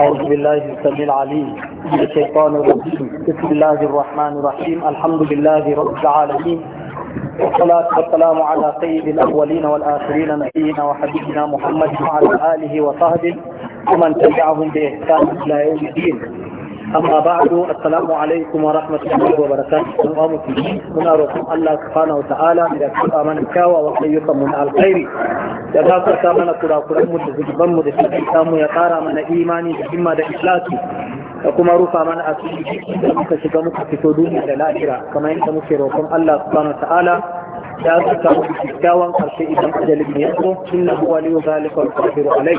أعوذ بالله السميع العليم من الشيطان الرجيم بسم الله الرحمن الرحيم الحمد لله رب العالمين والصلاة والسلام على سيد الأولين والآخرين نبينا وحبيبنا محمد وعلى آله وصحبه ومن تبعهم بإحسان إلى يوم الدين amma ba a zuwa assalamu alaikum wa rahmatullahi wa barakatuhu kuma muku muna roƙon Allah subhanahu ta'ala da kuma mana kyawawan ayyukan mu na alkhairi da za su sa mana kurakuran mu da zubban da su samu ya kara mana imani da himma da ikhlasi da kuma rufa mana asiri da muka shiga muka fito duniya da lahira kamar yadda muke roƙon Allah subhanahu ta'ala da aka samu kyakkyawan karshe idan ajalin ya zo na huwa liyu zalika al-qadiru alayh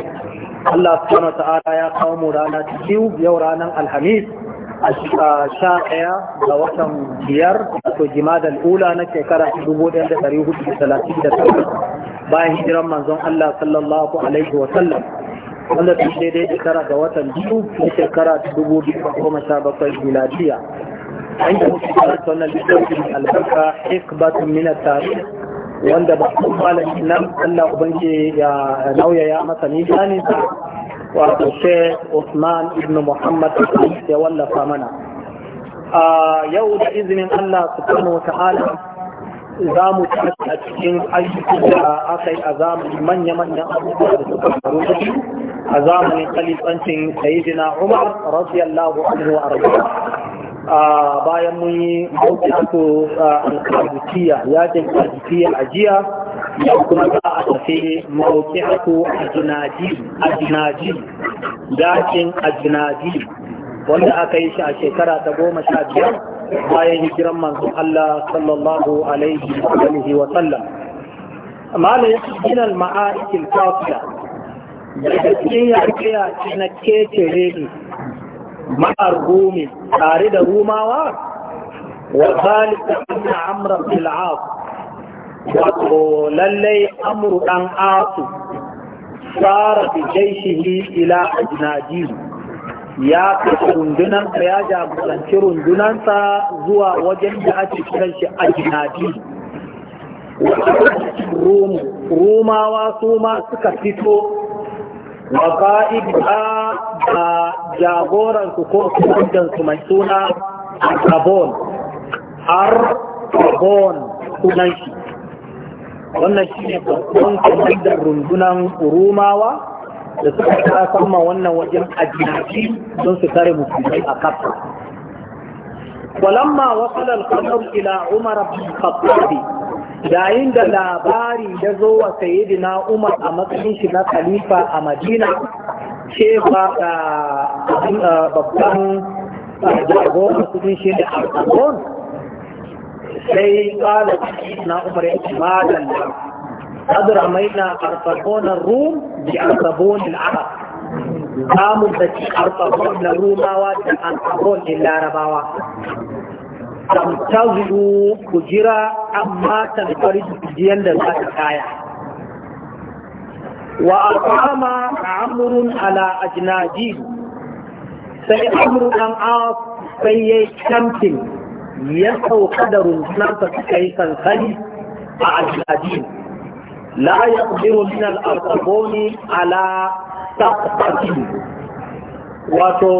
Allah subhanahu wa ta'ala ya kawo mu rana ta biyu yau ranar alhamis a sha ɗaya ga watan biyar wato jimadal ula na shekara dubu ɗaya da ɗari hudu da talatin da takwas bayan hijiran manzon Allah sallallahu alaihi wa sallam wanda ta daidai shekara ga watan biyu na shekara dubu biyu da goma sha bakwai miladiya inda muke karanta wannan littafin albarka hikbatun min at-tarikh wanda ba su malami nan Allah ubanke ya nauyaya masa misanin sa wato Sheikh Usman Ibnu Muhammad ya wallafa mana a yau da izinin Allah subhanahu wa za mu tafi a cikin ayyukan da aka yi a zamanin manya-manyan abubuwa da suka faru a zamanin kalifancin sayidina umar radiyallahu anhu wa arba bayan mun yi mawuƙato alkabukiya yajin kabukiya a jiya ya kuma za a tafi mawuƙato ajinaji yajin ajinaji wanda aka yi shi a shekara ta goma sha biyar bayan hijiran manzo Allah sallallahu alaihi wa alihi wa sallam mala yasjina al ma'aikil kafiya da ya yaƙiya na kece ne ma'ar rumi tare da rumawa wa zalika anna amra bil wato lallai amru dan asu sara bi jaishihi ila ajnadihi ya kashe rundunansa ya jagoranci sa zuwa wajen da ake kiran shi ajnadihi rumawa su ma suka fito wa qa'idha da jagoran su ko kudan su mai suna Arbon Arbon sunan shi wannan shi ne babban kwamandar rundunan rumawa da suka kara sama wannan wajen ajinaci don su kare musulmai a kafa ولما وصل الخبر إلى عمر بن الخطاب yayin da labari ya zo wa na umar a matsayin shi na khalifa a madina cewa babban jagoran cikin shi da al'adon sai kala na umar ya ce azura mai na arfagonar rum da arfagonin arab samun da ci arfagonar rumawa da arfagonin larabawa tamtazu ku jira amma tamfari jiyan da za ta kaya wa aqama amrun ala ajnaji sai amru dan as sai yayi kamfin ya sauka da rundunar ta suka sansani a ajnaji la yaqdiru min al-arsaboni ala taqfatin wato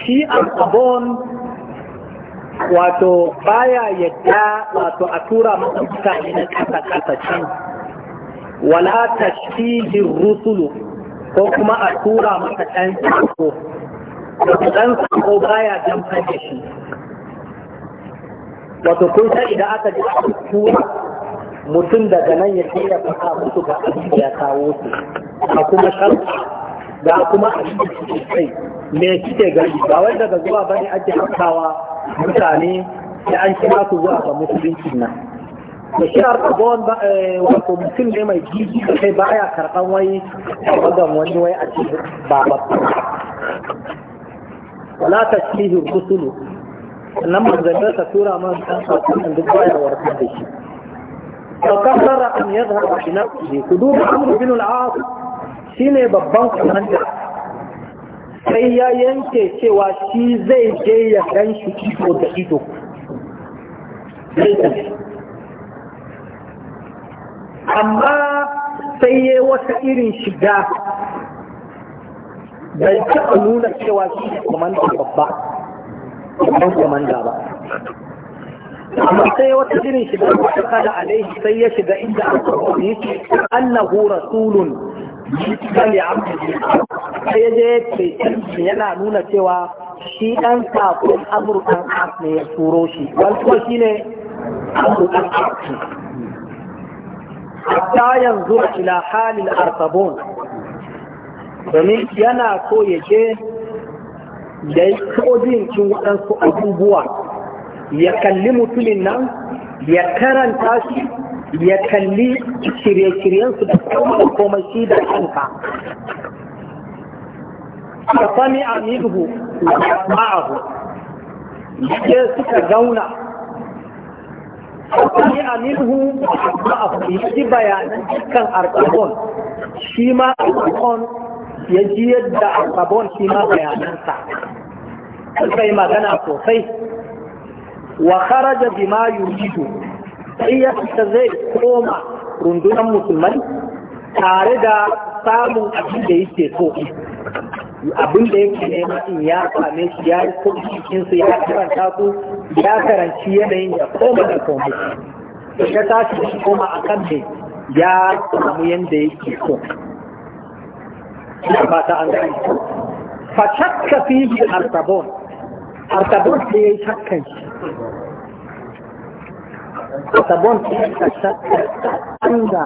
shi al wato baya yadda wato a tura masa mutane na ƙasa ƙasa can wala tashfijin rusulu ko kuma a tura masa ɗan sako wato ɗan sako baya jamfar da shi wato kun san idan aka ji aka tura mutum daga nan ya ce ya fata musu ga abin da ya kawo su a kuma sharfa da kuma a cikin sai me kike gani ba wai daga zuwa bane ake hankawa mutane da an kira su zuwa ga musulunci nan da shi a rabon eh, wato mutum ne mai gigi da kai baya karɓan wai magan wani wai a cikin ba wala ta cihi rusulu nan manzannin ka tura man kan sauƙin duk baya warkar da shi فكثر أن يظهر بنفسه قدوم عمرو بن العاص شيني ببان كمانجر sai ya yanke cewa shi zai je ya gan shi ido da ido amma sai ya yi wata irin shiga bai taɓa nuna cewa shi ne komanda babba babban komanda ba amma sai wata irin shiga wata kada alaihi sai ya shiga inda aka kwanye annahu rasulun misali amurka sai ya je ce yana nuna cewa shi ɗan saƙon amurkan as ne ya turo shi wani kuma shi ne amurkan as ne hatta yanzu ila halin arsabon domin yana so ya je da ya kodin cin waɗansu abubuwa ya kalli mutumin nan ya karanta shi ya kalli shirye-shiryensu da komai shi da kanka a sami aminu ma'ahu yake suka zauna sami aminu ma'ahu ya ji bayanan dukkan arkabon shi ma arkabon ya ji yadda arkabon shi ma bayanansa sai magana sosai wa kharaja bima yuridu fita zai koma rundunar musulmai tare da samun abin da yake so abin da yake nema in ya same shi ya yi cikin su ya karanta ku, ya karanci yanayin ya koma da komai ya tashi shi koma a kan ne ya samu yadda yake so ina fata an gani fa shakka fihi arsabon arsabon sai ya yi shakkan shi sabon canza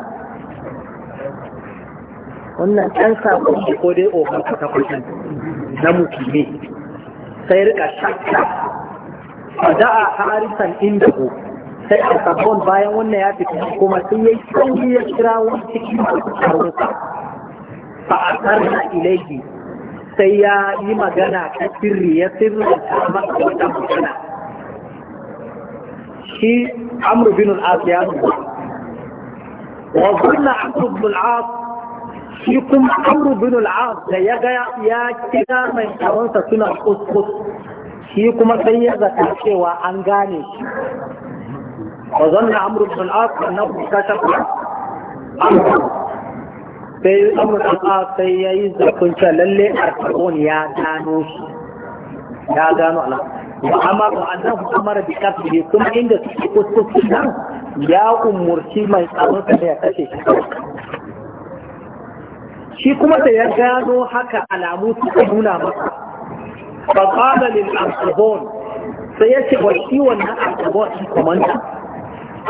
wannan ɗan saƙon da ko dai ofin ka ta kwashin na musulmi sai rika shakka a da'a harisan inda ko sai a sabon bayan wannan ya fita kuma sai ya yi sauri ya kira wani cikin masu karuka fa a tsarna ilaihi sai ya yi magana ta sirri ya sirri ta masa wata magana shi amru binul al ya wa kunna amru binul al-as shi kuma amru bin as da ya ga ya kira mai taronsa suna kuskus shi kuma sai ya zata cewa an gane shi wa zanna amru bin al-as annahu kashafa amru sai amurka sai ya yi zafin lalle arkabon ya gano shi ya gano alaƙa Ba amma wa amara annahu mara bi kasbihi kuma inda suke kuskuski nan ya umurci mai tsaron sa ya kashe shi shi kuma da ya gano haka alamu suka nuna masa fa qala lil arzabon sai ya ce wa shi wannan arzabon shi komanda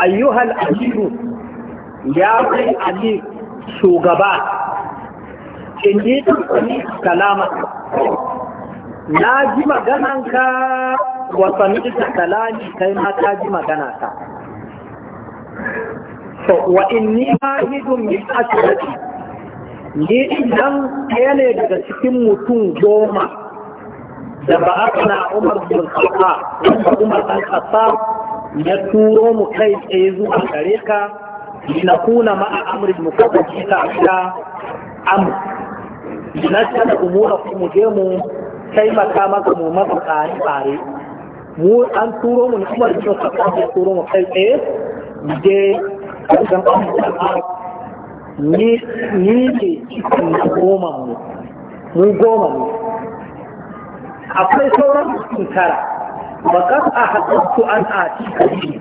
ayyuhal Aliyu ya kai amir shugaba in ji kalama na ji magananka wa sami'ta kalami kai ma ka ji magana ta to wa inni mahidun min asrati ni idan ɗaya ne daga cikin mutum goma da ba a kana umar bin khattab umar khattab ya turo mu kai tsaye zuwa gare ka linakuna ma'a amrin mukaddaji ta amr na da umura mu je mu taimaka maka mu mafi tsari tsare mu an turo mu kuma da suka kafa ya turo mu kai tsaye je kan an ni ni ne cikin goma mu mu goma mu akwai sauran cikin tara kasu a haɗu an a cikin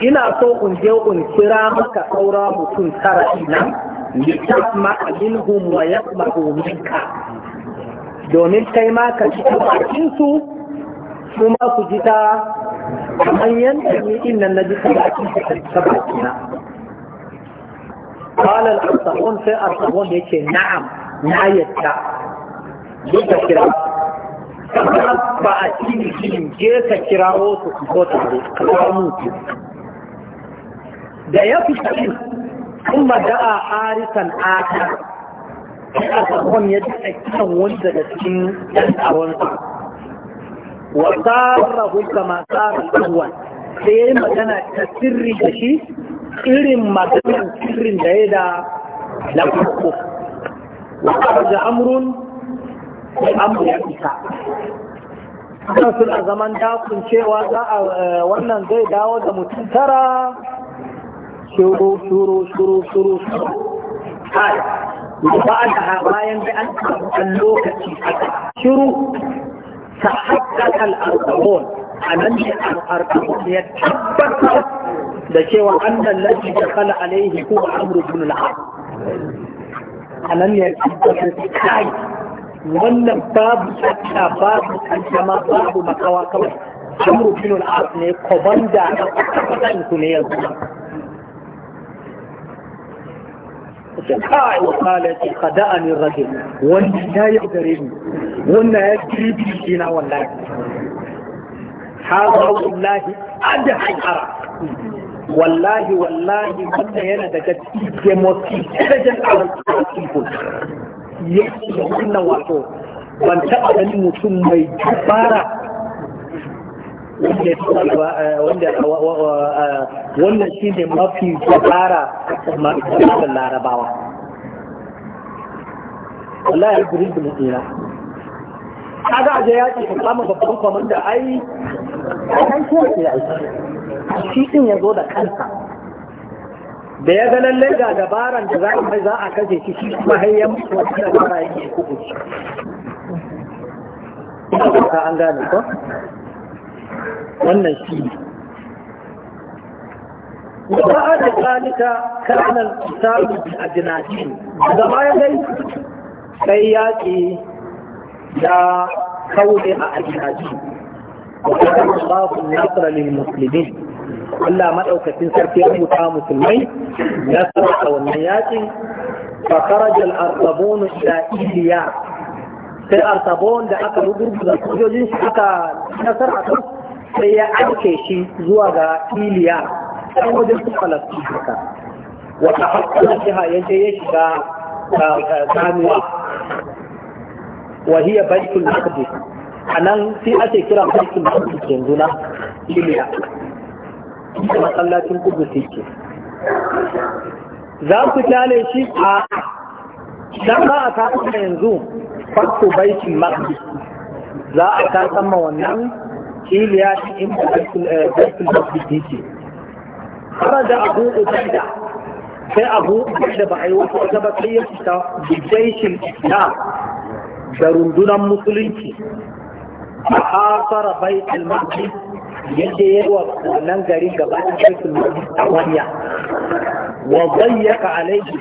ina so in je in kira maka saura mutum tara ina ma'alin minhum wa yasma ka. domin kai ma ka ji bakinsu su ma ku ji ta kamar yadda ni din na ji ta bakin ta bakina قال الأرطغون في أرطغون na نعم لا ta يدع كراء ba a cikin je ka kirawo su ko tare kamar mutu da ya fi cikin kuma da'a harisan aka sai a sakon ya daɗa kiran wani daga cikin ɗan tsawonsa wa tsara hulka ma tsara tsawon sai ya yi magana ta sirri da shi irin maganin sirrin da ya da na farko wa da amrun da amru ya fita. kan suna zaman dakun cewa za a eh, wannan zai dawo da mutum tara shuru shuru shuru shuru shuru ba a bayan da an samu lokaci a shiru ta haƙaƙa al’arƙabon a nan da al’arƙabon ya tabbata da cewa an nan lafi kala alaihi ko a amuru bin la'a a nan ya tabbata da kai wannan babu tsakka babu tsakka babu makawa kawai amuru bin la'a ne kwabanda a ƙasashen su ne yanzu قال وقالت خدعني الرجل وانت لا يقدر ابني وانا يجري بالجنا والله حاضر والله عندها الحرام والله والله وانا هنا دكت يموتي ابدا على الكون يحصل كل واحد وانتقل المسلم بارك wanda ya eh, eh, wannan shi ne mafi tsara matsalar larabawa ya da mutuna. Ta tsira kaga aje ce ka kama babban komanda ai ai ko ke ai shi ɗin ya zo da kansa da ya ga lallai ga dabaran da za a mai za a kashe shi shi kuma har ya mutu wata dabara yake kuku an gane ko wannan shi ne Kuma a da kalika kanan samun a jinaji da bayan dai sai yaƙi da kaune a ajinaji wata kan babu nasara lil musulmi Allah maɗaukacin sarki ya mutu musulmai ya sarrafa wannan yaƙin فخرج الأرطبون إلى Iliya, sai artabon da aka rubuta sojojin shi aka nasar a kan sai ya aike shi zuwa ga iliya ɗan wajen su falasti haka wata hakkala jiha ya je ya shiga wa hiya baitul maqdis a nan sai ake kira baitul maqdis yanzu na iliya da masallacin kudus yake za ku kyale shi a dan ba a tafi yanzu farko baitul maqdis za a tasamma wannan kiliya shi inda zarfin zafi yake da abu ubaida sai abu ubaida ba a yi wata wata ba sai ya fita bijaishin islam da rundunar musulunci a hasara bai almaki yadda ya wa wannan garin gaba da shirkin a wanya wa alaiki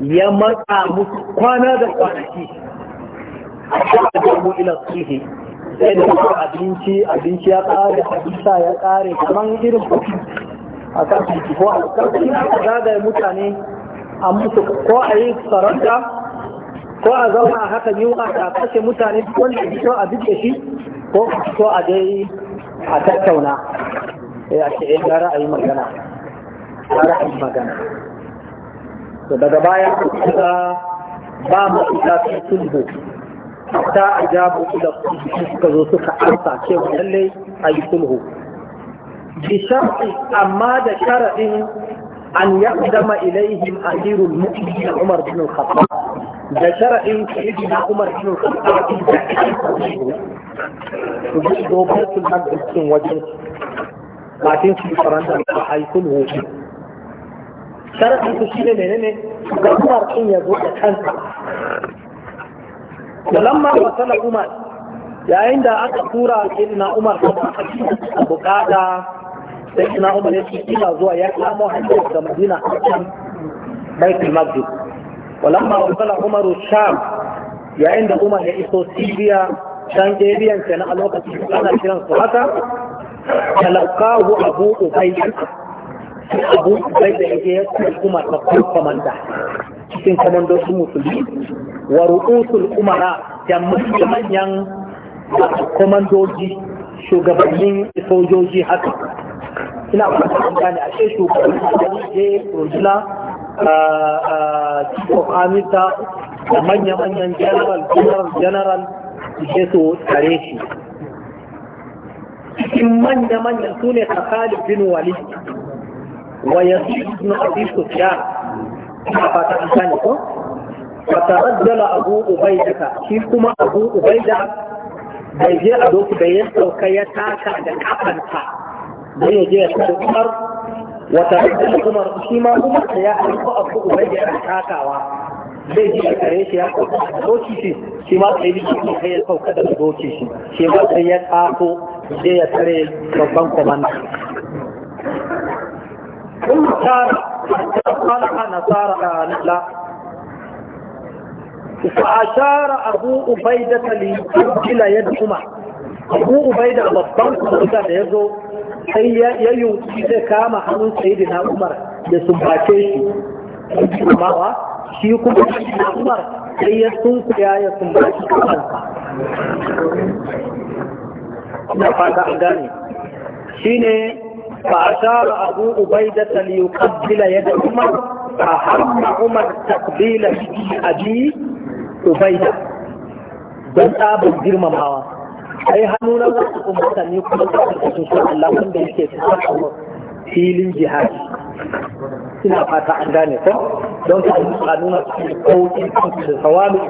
ya matsa musu kwana da kwanaki a shaɗa ila sulhi sai da kuma abinci abinci ya kare abinsa ya kare kamar irin a kan ciki ko a karkashin a zagaye mutane a musu ko a yi sarauta ko a zauna a haka yiwu a kashe mutane wanda fito a duk da shi ko a fito a dai a tattauna sai eh, a ce eh ga ra'ayi magana ga ra'ayi magana to daga baya ba mu ita sulhu ta ajabu ila suka zo suka amsa cewa lalle a yi sulhu bi sharti amma da sharadin an yaqdama ilaihim amirul na Umar bin Khattab da sharadin sayyidina Umar bin Khattab su ji dokar sulhan cikin wajen kafin su faranta da a yi sulhu sharadin su shine menene ga Umar din ya zo da kansa ولما وصل عمر يا عند أكثر سيدنا عمر أبو قادة سيدنا عمر يسكينا زوا يكلا مهندس في المدينة بيت المسجد ولما وصل عمر الشام يا عند عمر يسو سيبيا شان جيبيا كان ألوك سيدنا شيران صحاتا تلقاه أبو أبيت أبو أبيت يجيس عمر مقصود فمن تحت cikin komandosin musulmi wa rukusul umara da manyan komandoji, shugabannin sojoji haka ina fata an gane ashe shugabannin je runduna chief of amita da manya-manyan general general general je su tare shi cikin manya-manyan su ne kakali bin wali wa yasu ibn abi sufyan ina fata an sani ko fataraddala abu ubaidaka shi kuma abu ubaida bai je a doki bai ya sauka ya taka da kafanta, don ya je ya kawo umar wata raddala umar shi ma umar da ya aiko abu ubaida a takawa zai ji a kare shi ya sauka da doki shi shi ma sai biki ne sai ya sauka da doki shi shi ma sai ya tsako sai ya tare babban kwamanda ثم كان صالح نصارى لا فأشار أبو أبيدة ليسجل يدهما أبو أبيدة babban kwamfuta da ya zo sai ya yunki zai kama hannun sayidina Umar da sumbace shi kumawa shi kuma sayidina Umar sai ya sunkuya ya sumbace kansa na fata an gane shine فأشار أبو عبيدة ليقبل يد عمر فهم عمر تقبيل أبي عبيدة don tsabin girmamawa ai hannu na za su kuma sanni kuma su karkashin su filin jihadi ina fata an gane ko don su a nuna su kauki su da sawami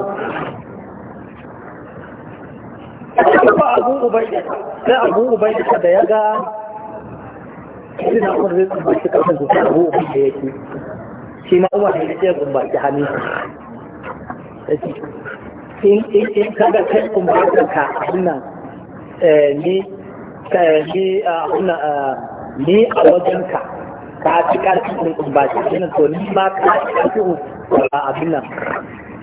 Abu Ubaida sai Abu ta da ya ga sai da umar zai tsumbaci kasan su abu da yake shi ma umar da ya tsumbaci hannu in in kada kai kumbaci ka abinnan eh, ni eh, ni eh, abinnan ni a wajenka ka ci karfi ɗin kumbaci yana to ni ma ka ci karfi abinnan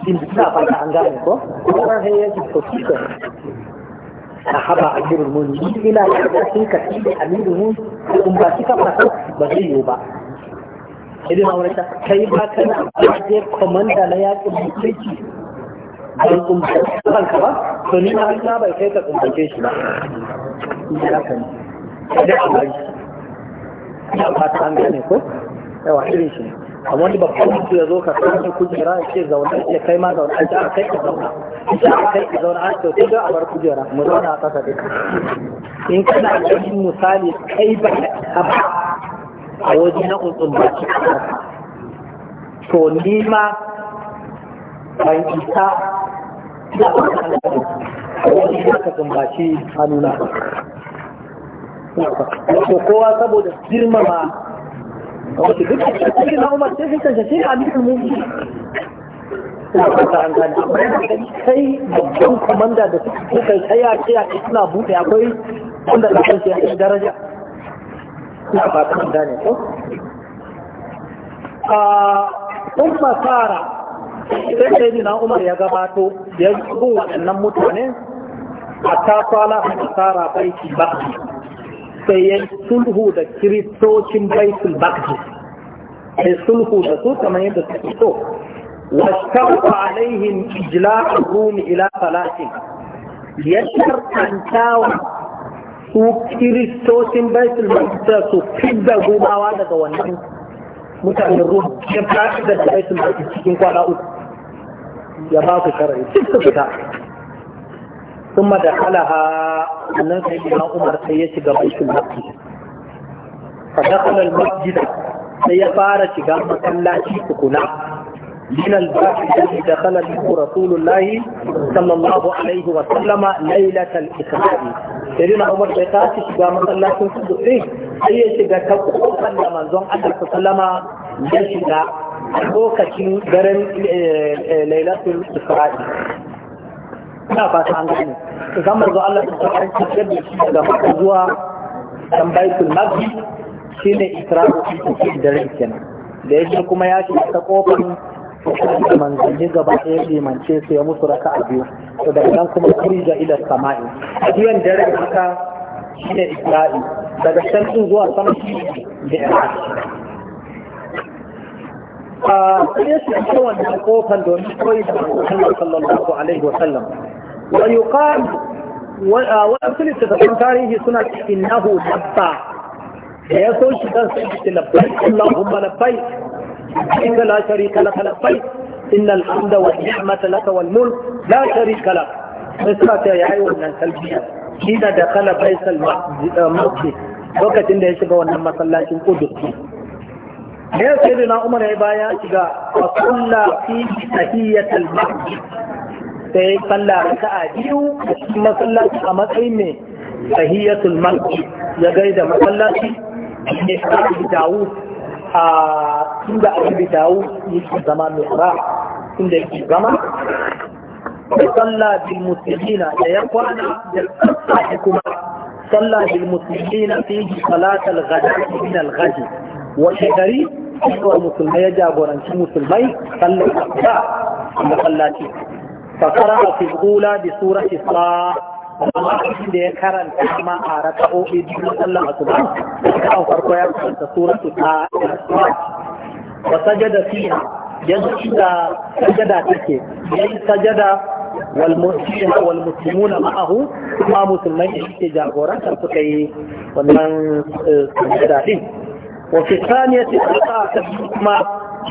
in suna fata an gane ko? Kuma sai ya ci ko sahaba a jirin mun ni ina da ƙarfin ka shi da amirin mun ba shi ka fasa ba zai yiwu ba sai dai ma'aurata kai ba kana aje komanda na yaƙin mutunci ban kumbace kanka ba to ni na na bai kai ka kumbace shi ba ina ka ne da ya fata an gane ko yawa irin shi ne a wani babban mutu ya zo ka kai kujera ya ce zaune ya kai ma zaune ce a kai ka zauna ita a kai ka zauna an ce don a bar kujera mu zauna a kasa duka in kana ganin misali kai ba ka ba a waje na tsuntsun ba ki to ni ma ban isa da a waje na ka nuna. Ba ko kowa saboda girmama wato duk da cikin na umar sai fitan shi a bikin mummuni sai babban kwamanda da suka kai tsaya ce a suna buɗe akwai wanda da kansu ya daraja suna fatan gane ko umma sara sai sai na umar ya gabato ya zo waɗannan mutane a ta kwala a tsara baiki ba sai ya sulhu da kiristocin baitul bakdis sai sulhu da su kamar yadda suke so واستوفى عليهم إجلاء الروم إلى ثلاثين يشر أن تاوى وكريستوسين بيت المقدس وكذا غوما وادا غوانا متعن الروم يبقى كذا بيت المقدس إن قال أوك يباك شرعي ست فتاة ثم دخلها annan sai ya umar sai ya shiga bakin masjid fa dakhala al masjid sai ya fara shiga masallaci tukuna min al bakin da dakhala bi rasulullahi sallallahu alaihi wa sallama lailat al ikhlas sai dina umar sai ta shiga masallacin tukuna sai sai ya shiga ta kofar da zon Allah sallama ya shiga lokacin garin eh, eh, lailatul isra'i ina ba ta an gane idan manzo Allah ta tsara cikin da shi daga maka zuwa dan baitul maqdis shine isra'u cikin da rai kenan da yake kuma ya shiga ta kofar manzanni gaba ɗaya limance su ya musu raka a biyu to daga nan kuma ga ila sama'i a biyan dare haka shine isra'i daga can zuwa sama shi da a sai shi ake wannan kofan domin koyi da Muhammad sallallahu alaihi wa sallam wa yuqam wa asli tafsirin tarihi suna innahu dabba da ya so shi dan sai labbai Allahumma labbai inna la sharika laka labbai inna alhamda wa ni'mata laka wal mulk la sharika lak sai suka ce yayi wannan talbiya shi da dakala baisal eh, masjid lokacin da ya shiga wannan masallacin kudusi ya sai na umar ya baya shiga a kulla fi tahiyyatul masjid sai sallah a biyu a cikin masallaci a matsayin ne tahiyyatul masjid ya gaida masallaci ne shi dawo a inda a dawo yake zama mai ra inda yake zama صلى بالمسلمين يقوانا صلى fi فيه صلاة الغداء من الغد wani gari wa musulmai ya jagoranci musulmai sallar asuba da sallaci fakara a fizgula bi sura isra amma da ya karanta ma a raka'o'i biyu sallar asuba kan farko ya karanta sura isra wa sajada fiha yanzu da sajada take yayin sajada والمؤمنين والمسلمون معه ما مسلمين في جاغورا كان سكاي wannan eh, sujada وفي الثانية إلقاء الحكمة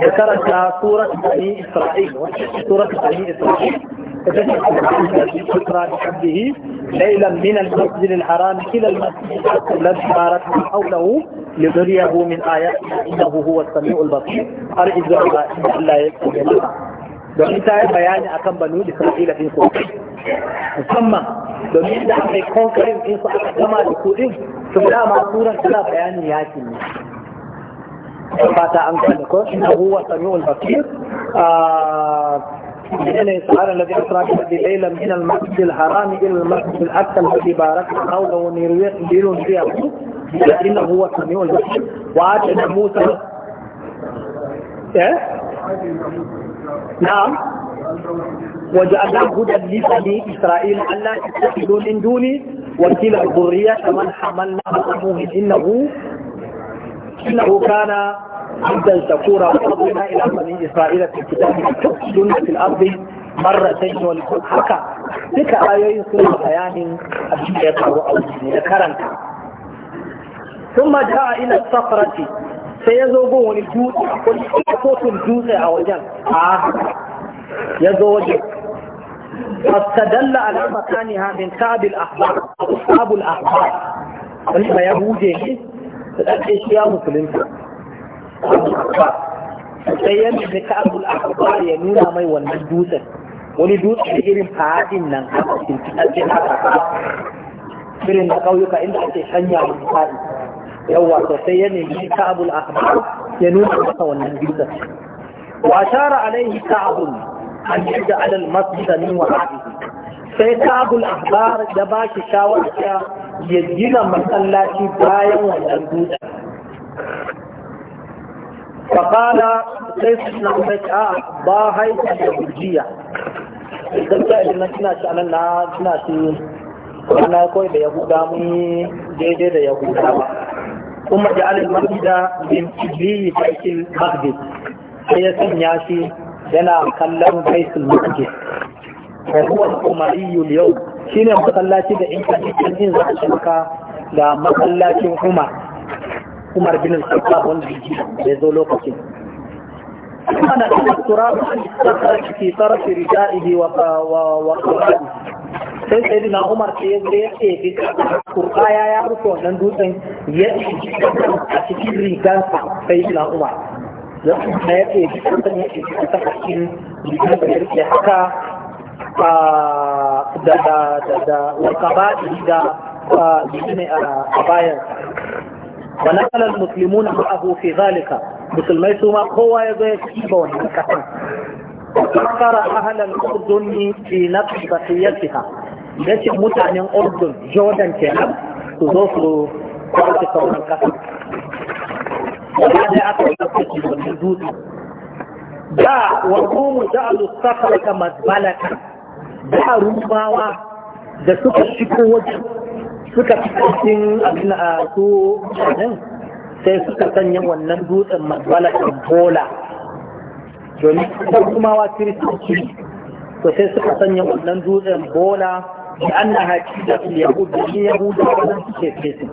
ذكرت سورة بني إسرائيل سورة بني إسرائيل ذكر بحبه ليلا من المسجد الحرام إلى المسجد الذي باركنا حوله لذريه من آيات إنه هو السميع البصير أرجو الله يكون domin ta yi bayani a kan banu isra'ila din su musamman domin da aka yi konkarin din su aka gama da kudin su dama bayanin yakin ne بعد أن kalli ko shi huwa samiul basir إليه الذي أسرى بهذه الليلة من المسجد الحرام إلى المسجد الأكثر الذي بارك أو لو نرويق لنريه فيها لأنه هو سميع البصير وآتينا موسى إيه؟ نعم وجعلنا هدى لبني إسرائيل ألا تتخذوا من دوني وكيل الذرية كمن حملنا معهم إنه إنه كان عبدا شكورا وقضينا إلى بني إسرائيل في الكتاب سنة في الأرض مرتين ولكل حكا تلك ايه سنة بيان أبين يقرأ أو ذكرا ثم جاء إلى الصخرة سيزوجه الجوز صوت الجوز يا وجل آه يزوج تدل على مكانها من كعب الأحبار أصحاب الأحبار ولما يهوجه فتحيش يا مسلم سيام انك ابو الاحبار ينونا مي والمجدوسة ولدوس حجير فعادي من انقاطك نعم. انتقاطي حقاقا في قولك انت تشنيع المقال الاحبار ينونا مي والمجدوسة وأشار عليه كعب أن يجعل المسجد من وعائه sai sabul ahbar da ba shi shawarta ya gina masallaci bayan wannan dutse fakala sai su na mai ba haita da gujiya idan ta idan na tuna shi anan na tuna shi ana kawai da yahuda mun yi daidai da yahuda ba kuma da alil mahida bin ibli baitul maqdis sai ya sanya shi yana kallon baitul maqdis wa huwa al-umariyyu al-yawm shine masallaci da in ka cikin za a shirka da masallacin Umar Umar bin al-Khattab wanda ya zo lokacin في طرف ردائه وقرائه sai dina umar ce ya zai ce bi kurka ya ya rufe wannan dutsen ya a cikin rigansa dina umar ya ce bi kurka ya ce ya cikin rigansa ya haka آه، والقبائل اذا ابايا آه، آه، ونقل المسلمون معه في ذلك مثل ما يسمى هو يبون ذكر اهل الاردن في نفس بقيتها ليش متى من اردن جوردن كان تضيف له قرطه فوق الكفر وهذا اكثر من جا وقوموا جعلوا الصخره da rubawa da suka shigo wajen suka fi cikin abin a su nan sai suka sanya wannan dutsen matsalakan bola domin kusan rumawa kiristoci to sai suka sanya wannan dutsen bola da an na haƙi da yahudu ne yahudu wannan suke fesin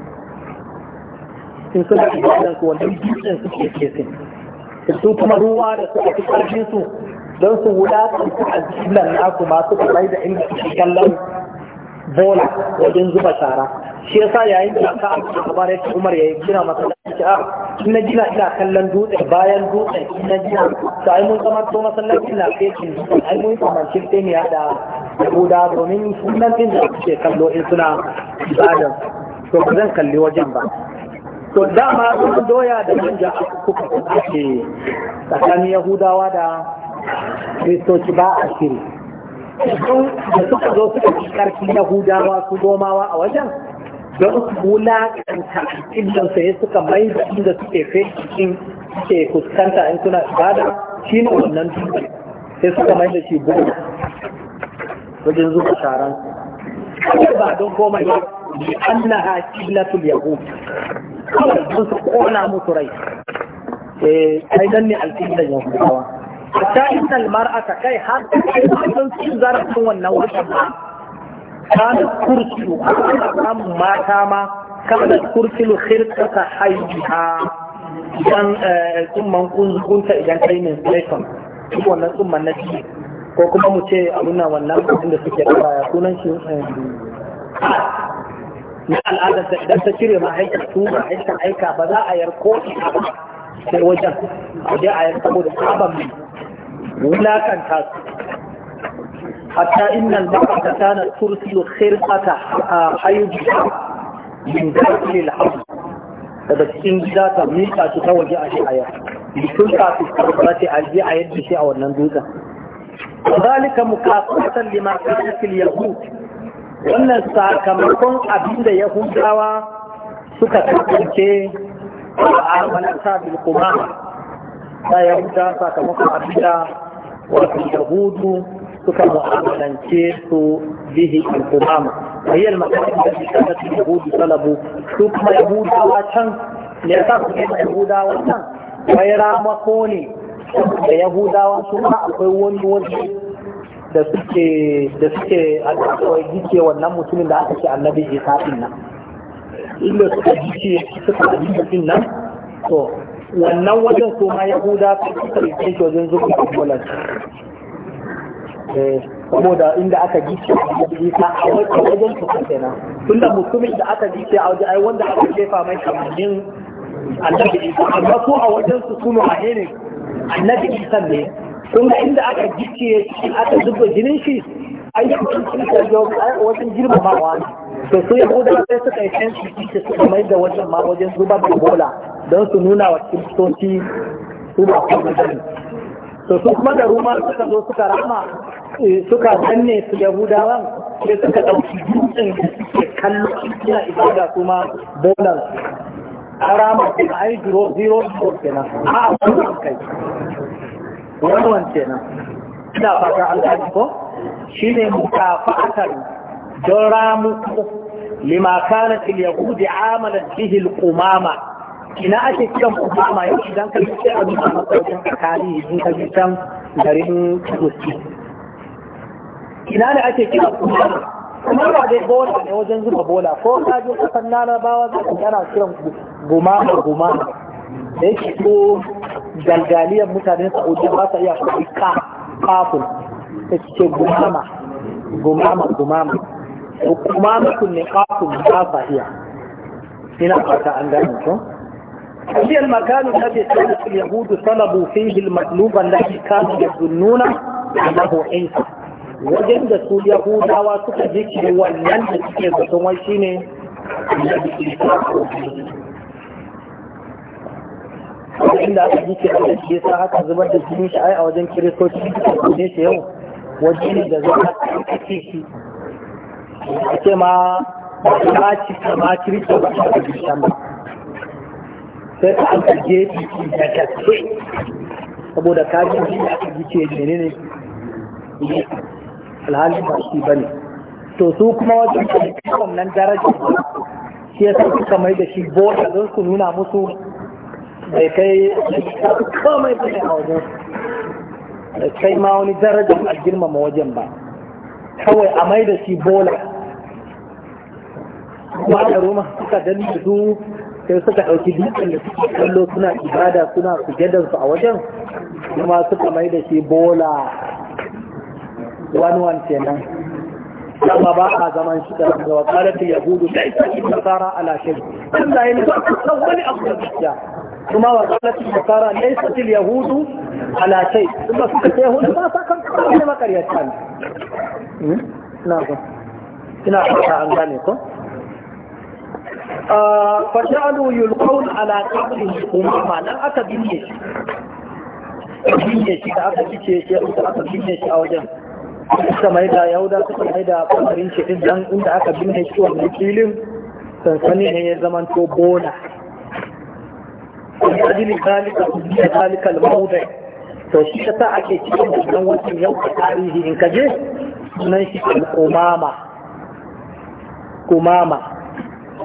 in suna ibadansu wannan dutsen suke fesin su kuma ruwa da suka fi su. don su wulaƙanta alƙiblan naku masu kaɗai da inda suke kallon bola wajen zuba shara shi yasa yayin da aka aka kabar ya Umar ya kira masa ce a ah, na gina ina kallon dutse bayan dutse in na gina to ai mun zama to masallacin na fekin ai mun kamar shirte ne da Yahuda domin sunan din da suke kallo in suna ibadan to ba zan kalli wajen ba to dama sun doya da manja kuka ce, tsakanin Yahudawa da kristoci ba a shiri da suka zo suka ci karfi yahudawa su gomawa a wajen don su wulaƙanta illan sai suka mai da inda suke fekin suke fuskanta in suna ibada shi ne wannan dutse sai suka mai da shi buɗe wajen zuba sharan kawai ba don komai an na annaha qiblatul yahu kawai sun su kona musu rai eh kai dan ne alqiblan yahudawa hatta mara almar'ata kai har da sun cin zarafin wannan wutan ba kana kursu kan mata ma da kana kursilu khirqata hayyiha idan eh, tsumman kunzunta idan kai min station duk wannan tsumman na ciki ko kuma mu ce a nuna wannan abin da suke kara ya sunan shi eh, na al'adar da idan ta cire ma haika su haika aika ba za a yar ko ba sai wajen a je a yar saboda sabon wulakanta su hatta innal ba'ata kana tursilu khirqata hayyub min dakhil al-hawd daga cikin gida ta mika su ta waje a shi aya bikin ka su karɓa a je a yadda shi a wannan dutsen zalika mukafatan lima kana fil yahud wannan sakamakon abinda yahudawa suka kasance a amalan sabil kumama ta yahuda sakamakon abida wato yahudu suka mu'amalance su bihi al-qur'an وهي المقاصد التي كانت اليهود طلبوا ثم يهود واتن لأساس يهود واتن غير مكوني يهود واتن أقوى ونوان da suke da suke alƙawai gike wannan mutumin da aka ce annabi isa din nan inda suka gike suka abin nan to wannan wajen su ma yahuda ta kusurce shi wajen zuwa kabulan saboda inda aka gice isa a wajen su kenan tunda mutumin da aka gice a wajen ai wanda aka jefa mai kamannin annabi isa amma ko a wajen su sunu a ne annabi isa ne kuma inda aka gice shi aka zuba jinin shi a ai su sun kirkar wajen girmamawa ne to su yahuda sai suka yi canci su suka mai da wajen ma wajen zuba da bola don su nuna wa kiristoci su ba su gani to su kuma da ruma suka zo suka rama eh, suka danne su yahudawan sai suka ɗauki dutsen da suke kallo suna ibada su ma bolan harama kuma ai zero zero kenan a wannan kai wannan kenan ina fata an ko shine akari don ramu lima kana til yahudi amalat bihi al ina ake kiran qumama yau idan ka ce a duka masaukin tarihi in ka ji can garin kusti ina ne ake kiran qumama kuma ba dai bola ne wajen zuba bola ko ka je kasan bawa za ka yana kiran gumama gumama da yake ko galgaliyar mutanen sa'udiya ba sa iya kuɗi ka kafin ta ce gumama gumama gumama kuma mutum ne kafin ta fahiya ina fata an gane ko في المكان الذي كانت اليهود طلبوا فيه المطلوب الذي كانوا يظنون انه عيسى wajen da su yahudawa suka je ke wannan da suke zaton wai shine inda aka ji ke da ke sa haka zubar da jini shi ai a wajen kiristoci ne shi yau wajen da za a kake a ce ma ta ci kama kirista ba ta kirista ba sai ka an kaje da gaske saboda ka ji shi aka ji ce menene alhali ba shi bane to su kuma wajen kirkon nan daraja shi yasa suka mai da shi bota don su nuna musu bai kai komai bane a wajen kai ma wani darajar a girmama wajen ba kawai a mai da shi bola kuma roma suka danne su sai suka ɗauki dukkan da suke kallo suna ibada suna sujadansu a wajen kuma suka mai da shi bola wani kenan amma ba a zaman shi da daga wakalatul yahudu da isa tsara ala shay Allah ya nufa kan wani abu da gaskiya kuma tsara da laysa til yahudu ala shay kuma suka ce yahudu ba sa kan kuma makaryata ne hmm? ina ga ina fata an gane ko fasha'alu yulqawun ala qabrihi kuma ba nan aka binne shi binne shi da aka kice shi da aka binne shi a wajen suka mai da yahuda suka mai da kabarin shi din dan inda aka binne shi wannan filin sansani ne ya zama to bona ajili zalika kubiya zalika al-mawdi to shi ta ake cikin wannan wancan yau tarihi in kaje nan shi al-umama umama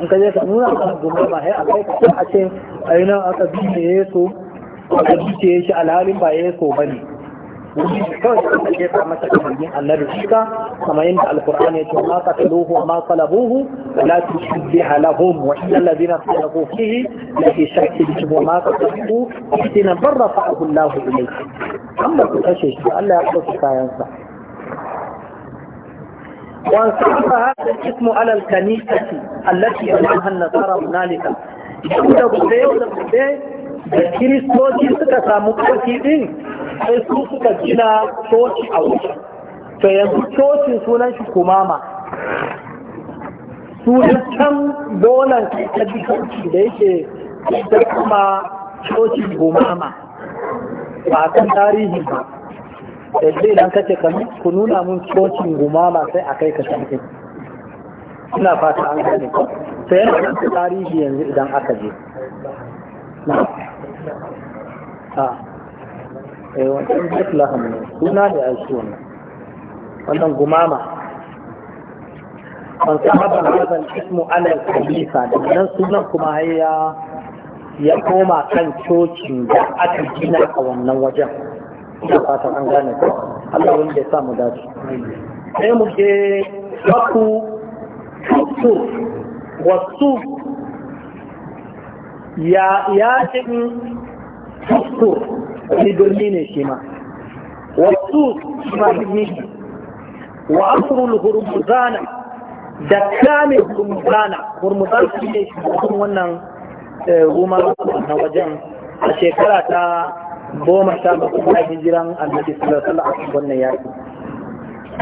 in ka je ka nuna ka gumi ba sai a kai ka a ce ai aka bi ne yeso aka bi ce shi alhalin ba yeso bane kawai da aka jefa masa kamargin annabi cika kamar yadda alkur'ani ya ce ma qataluhu wa ma salabuhu la tushbiha lahum wa inna alladhina salabu fihi la fi shakkin wa ma qataluhu ina barra fa'ahu Allah ilayhi amma ku kashe shi Allah ya kawo kayansa وانصرف هذا الاسم على الكنيسة التي يمنعها النصارى هنالك da gobe yau da gobe da kiristoci suka samu koci din sai su suka gina coci a wuce to yanzu cocin sunan shi kumama sunan can bolan ta coci da yake da kuma coci kumama ba kan tarihi ba yadda idan ka ce ku nuna mun cocin gumama sai a kai ka shafi ina fata an gane ko sai yana da tarihi yanzu idan aka je na a eh wannan duk lahamu ne suna da ai wannan wannan gumama an sahaba hadal ismu ala al-khalifa da nan sunan kuma ya ya koma kan cocin da aka gina a wannan wajen ina fatan an gane ko Allah wanda ya samu dace sai mu je waku su wasu ya ya ce su ridonni ne shi ma wasu shi ma ne wa al hurmuzana da kame hurmuzana hurmuzana shi ne shi wannan goma eh, na wajen a shekara ta goma sha bakwai bayan hijiran annabi sallallahu alaihi wasallam a wannan yaki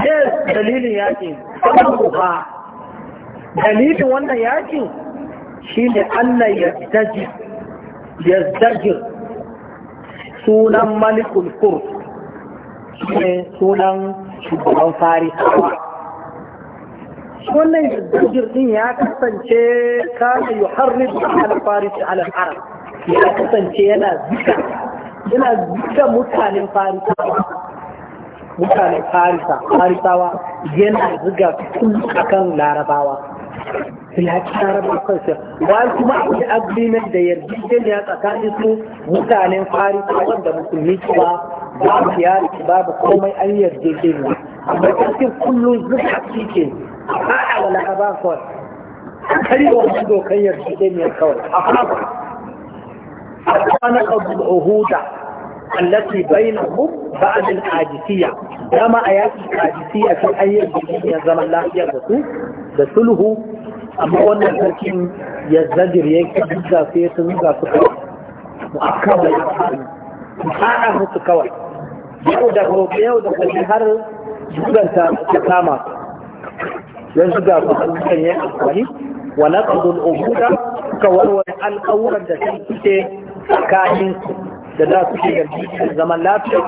eh dalilin yakin ha dalilin wannan yaki shine Allah ya daji ya daji sunan malikul qur shine sunan shugaban farisawa wannan dajir din ya kasance kana yuharribu ala faris ala arab ya kasance yana zika. yana zika mutanen farisa mutanen farisa farisawa yana zuga tun akan larabawa filaki larabawa kansu wani kuma akwai agreement da a tsakanin su mutanen farisa wanda musulmi kuma babu yari babu komai an yarjejeniya amma cikin kullum zuga cikin a faɗa wa larabawa kawai kari wa wasu dokan yarjejeniyar kawai a kuma فخلق العهود التي بينهم بعد الحادثية كما آيات الحادثية في أي جميع زمن لا يغسو دسله أما وانا لكن يزدر يكتبزا في يتنزا سكوة مؤكبة محاعه سكوة يعود أغروب يعود أغروب جبنتا تكامات يزدر فخلقا يأخواني ونقض العهود كورور الأورد تنكته tsakanin da za su shiga cikin zaman lafiya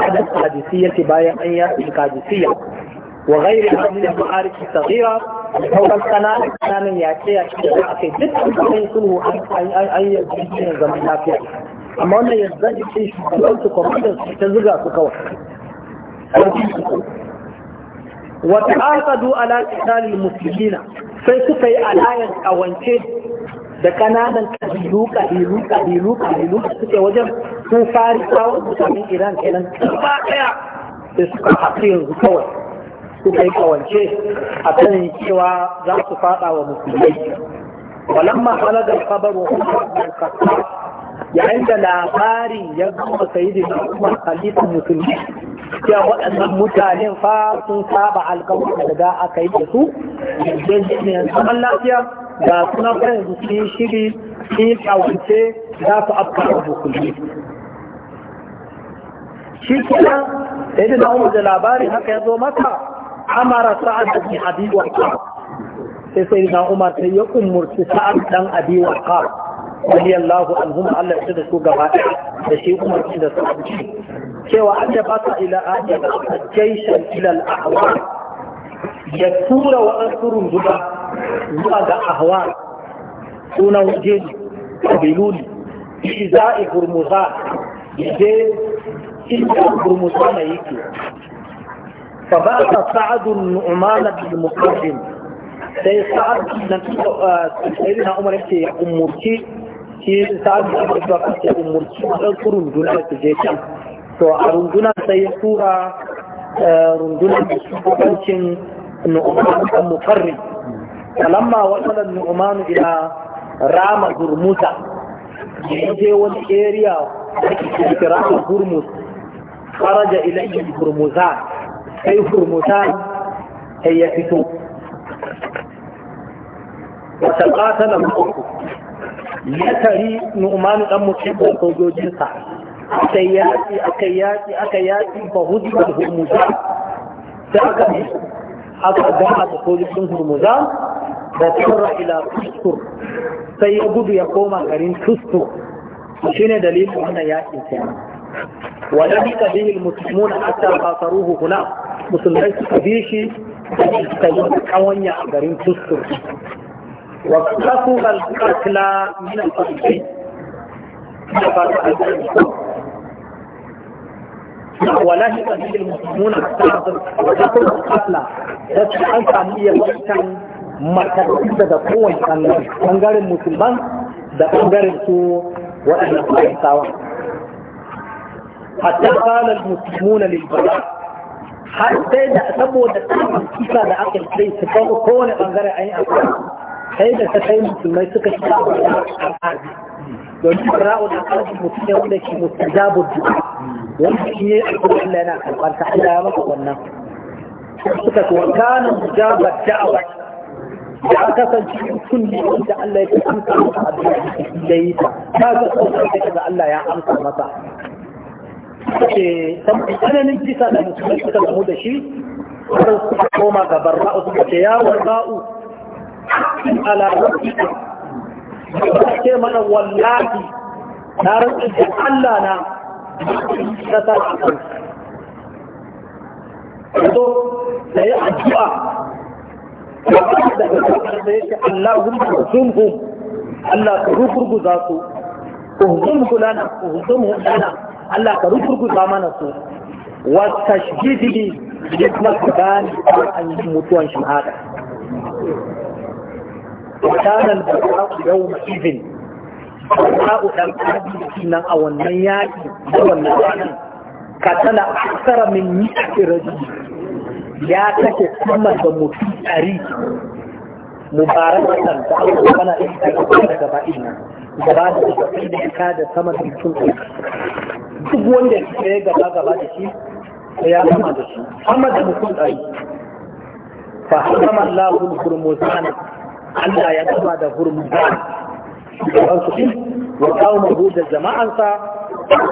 bayan hadisiya ke bayan an ya su hadisiya wa ghairi min al-ma'arif as-saghira aw al ya ce ya ce da ake dukkan kai sun hu an ya cikin zaman lafiya amma wannan ya zaji shi shugaban su kwamitin su ta zuga su kawai wa ta'aqadu ala qital al-muslimina sai suka yi alayan kawance da kananan luka kabilu luka da suke wajen su farisawa mutanen iran kenan gaba daya sai suka haɗu yanzu kawai suka yi kawance a kan cewa za su faɗa wa musulmai walamma halagar kabaru umar yayin da labarin ya gama shi kuma halittar musulmi ya waɗannan mutanen fa sun saba alƙawarin da za a kai da su yarjejeniyar zaman lafiya da suna kan yanzu sun shiri sun yi kyawance za su afka da hukumi shi kenan da yadda na da labarin haka ya zo mata amara sa'ad da bin abi waqa sai sai na umar sai ya umurci sa'ad dan abi waqa radiyallahu anhum Allah ya da su gaba da shi umar da sa'ad cewa an da basa ila ajiyar jaishen ilal ahwa ya tura waɗansu runduna zuwa ga ahwa sunan waje ne ƙabilu ne shi za a gurmuza ya je inda gurmuza na yake fa ba ta sa'adun nu'mana bil muqaddim sai sa'ad nan sai na umar yake ya umurci shi sa'ad da aka ce umurci dan kurun duniya su je can to a rundunar sai tura rundunar da shugabancin nu'uman da mufarri kalamma wasalan nu'uman ila rama gurmuta je wani area da ke kira gurmus faraja ilayhi gurmuza sai gurmuza sai ya fito وتقاتل معه يتري نؤمان أم محب وزوجها Sai yaƙi aka yaƙi aka yaƙi ba hujjar hurmuza sai aka bi aka gama da sojojin hurmuza da turra ila kustur sai ya gudu ya koma garin kustur shine dalilin wannan yaƙin kenan ولبث به المسلمون حتى قاصروه هنا musulmai suka bi shi suka yi kawanya a garin kusur wa kasu alkakla min alfasai da ba su alkakla wala shi kan cikin muna ta kuma kala da su an samu iya wancan makarfi daga kowane ɓangare ɓangaren musulman da ɓangaren su waɗannan fahimtawa hatta kala musulmuna lilbara har sai da saboda kisa da aka yi sai su kawo kowane ɓangare an yi kai da ta kai musulmai suka shiga a wajen al'adu domin fir'aun al'adu mutum ne wanda ke mustajabu du'a Wani shi ne a kuma Allah yana karɓar ta Allah ya maka wannan suka ce wa kana mujabar da'awa da aka kasance mutum ne wanda Allah ya ce amsa masa addu'a da yi ta ta ga sauran da ga Allah ya amsa masa ce tsananin kisa da musulmai suka gamu da shi har suka koma ga barra'u suka ce ya ba'u. ala rabbika ba ce mana wallahi na rantsa da Allah na da ta to da ya addu'a da ya ce Allahumma zumhum Allah ka za su uhzumhu lana uhzumhu lana Allah ka za mana su wa tashjidi bi kuma ka gane an yi mutuwan shahada وكان البقاء يومئذ بقاء دان ادم كنا او wannan yaki da wannan ranan katala aksara min mi'ati rajul ya take sama da mutum ɗari mubarakatan da aka gaba gaba da gaba da ka da sama da mutum duk wanda ya gaba gaba da shi ya da shi sama da mutum ɗari fa Allah ya kafa da hurmuza shugaban su din wa qaumahu da jama'ansa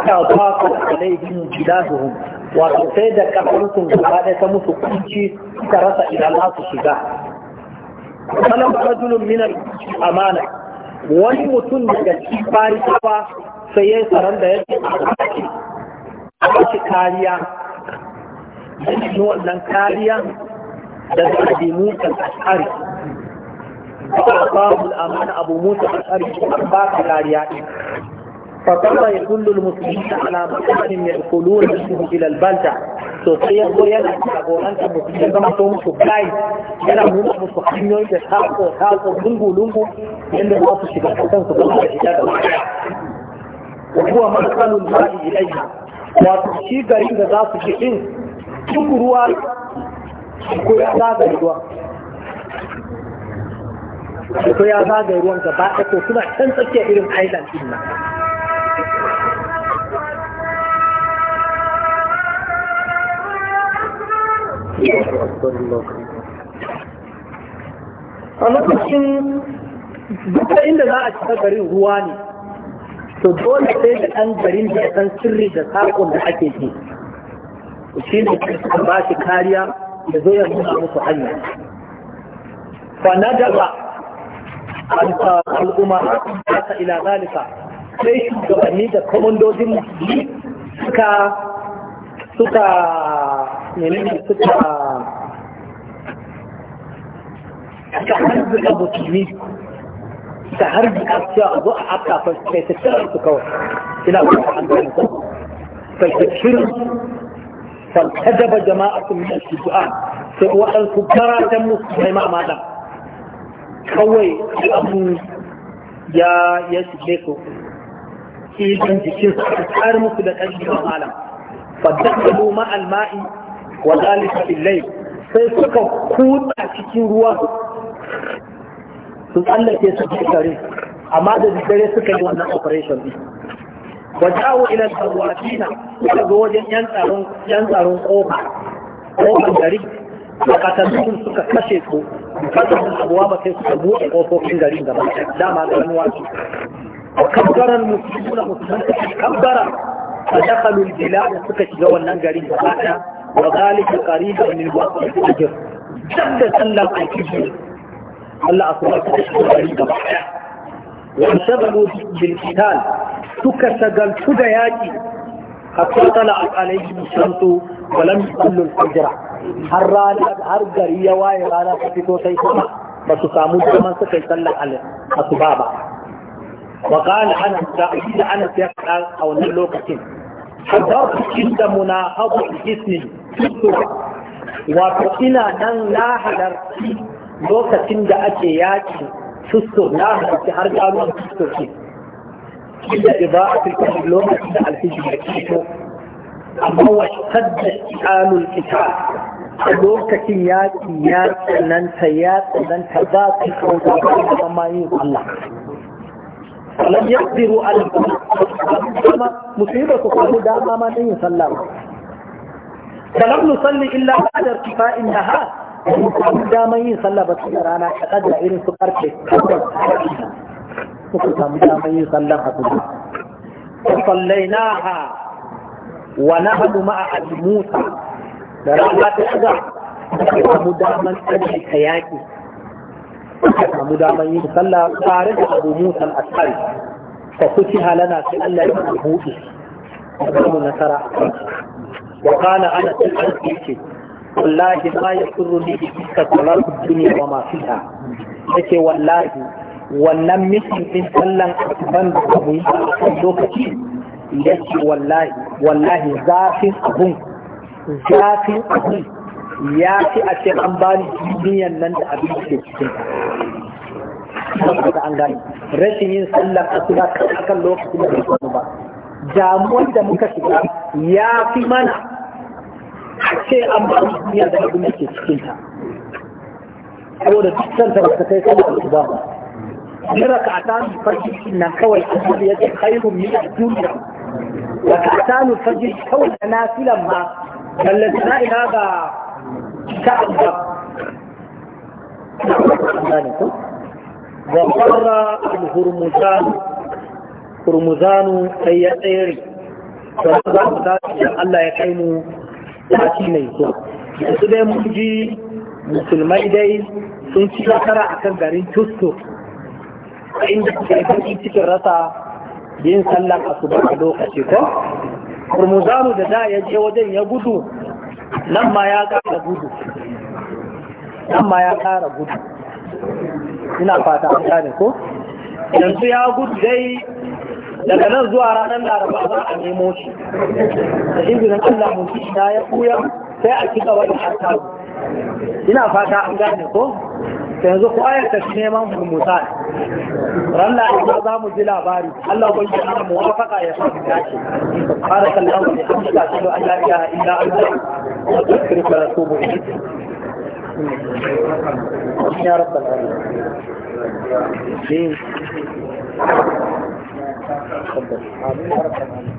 ta baqa alaihim biladuhum wato sai da kafarsun gaba ɗaya ta musu kunci ta rasa idan za su shiga sanan rajulun min amana wani mutum daga cikin kafa sai ya saran da yake a kashi kariya da wannan kariya da zalimu da tsari فأعطاه الأمان أبو موسى الأشعري باك العرياء فصار يدل المسلمين على مكان يدخلون منه إلى البلدة sosai ya yana jagoranta mutum ya zama to musu gai yana nuna musu hanyoyi da tako tako lungu lungu yadda za su shiga kasan su zama da shiga da waya wa wato da za su je ruwa ko ya ko ya zagaye ruwan gaba ɗaya ko kuma can tsakiyar irin island ɗin nan a lokacin duka inda za a cika garin ruwa ne to dole sai da ɗan garin da ya san sirri da saƙon da ake ji shi ne ba shi kariya da zo ya nuna muku hanya fa na daba al'umma ta ila zalika sai shugabanni da komandojin musulmi suka suka menene suka suka harzuka musulmi suka a zo a afka fasikashirin su kawai ina kuma an gani kawai abu ya ya shige su idan jikin su tsar musu da ƙarfi a malam faddakalu ma alma'i wa zalika illai sai suka kuta cikin ruwa su tsallake su kare amma da dare suka yi wannan operation din wajawo ila tarwatina suka zo wajen yan tsaron yan tsaron kofa kofar gari akatabikin suka kashe su fatan su kuwa ba sai suka buɗe ƙofofin garin gaba dama da ranuwa su kabgaran musulmi na musulmi a dakalin jila da suka shiga wannan garin gaba ɗaya wa zalika qariba min waqti al-fajr shadda sallan al-fajr Allah a kuma ta shi garin gaba ɗaya wa shabalu bil qital suka tagantu da yaki hatta tala alayhi shamsu walam yusallu al-fajra har rana har gari ya waye rana ta fito sai kuma ba su samu zaman suka yi sallar asuba ba wa qala ana da ana ya kada a wannan lokacin hadartu inda munahadu ismi wato ina nan na hadar lokacin da ake yaki fustur na halarci har gano fustur ce inda ibadatul lokacin da alhijir ya fito أبو اشتد اشتعال الكتاب حضور كتيات كيات لن تيات لن تدات الحوض وما يضل لم يقدروا على كما مصيبة قبل داما ما نين صلى فلم نصلي إلا بعد ارتفاع النهار داما يصلى بس أنا أعتقد غير سكر كيف كبر داما يصلى بس صليناها wa nahnu ma'a abi musa da rana ta shiga aka samu daman tsaji ta yaƙi aka samu daman yin sallah tare da abu musa al'asari fa kuci halana sai Allah ya yi buɗe da samu nasara ce wannan mishin din sallan ban da abu yi a lokaci yake wallahi wallahi zafin abun zafin abun ya fi a ce an bani duniyan nan da abin da ke cikin ta an gani rashin yin sallar asuba kan lokacin da bai ba damuwar da muka shiga ya fi mana ce an ba su duniya da abin da ke cikin ta saboda duk santa ba ta kai sama da su ba ba ka a tamu farki nan kawai a ya ce khairun min duniya wa kasanu fajr kawai da nafilan ma kallon na ina ga وقر الهرمزان هرمزان أي تيري فالله تعالى الله يكيم تأتيني yanzu dai mun musulmai dai sun ci nasara a kan garin tustur inda ke cikin rasa yin sallan asuba a lokaci ko kurmuzanu da da ya je wajen ya gudu nan ma ya kara gudu nan ma ya kara gudu ina fata an gane ko yanzu ya gudu dai daga nan zuwa ranar laraba za a nemo shi da izinin Allah mun ci ya kuya sai a ci gaba da harka ina fata an gane ko yanzu ku ayata shi neman hurmusan ranna ita za mu ji labari Allah bai ji mu wafaka ya sa mu dace fara kallon wani amsa shi da Allah ya illa Allah ya tsakir ka rasubu ya rabbal alamin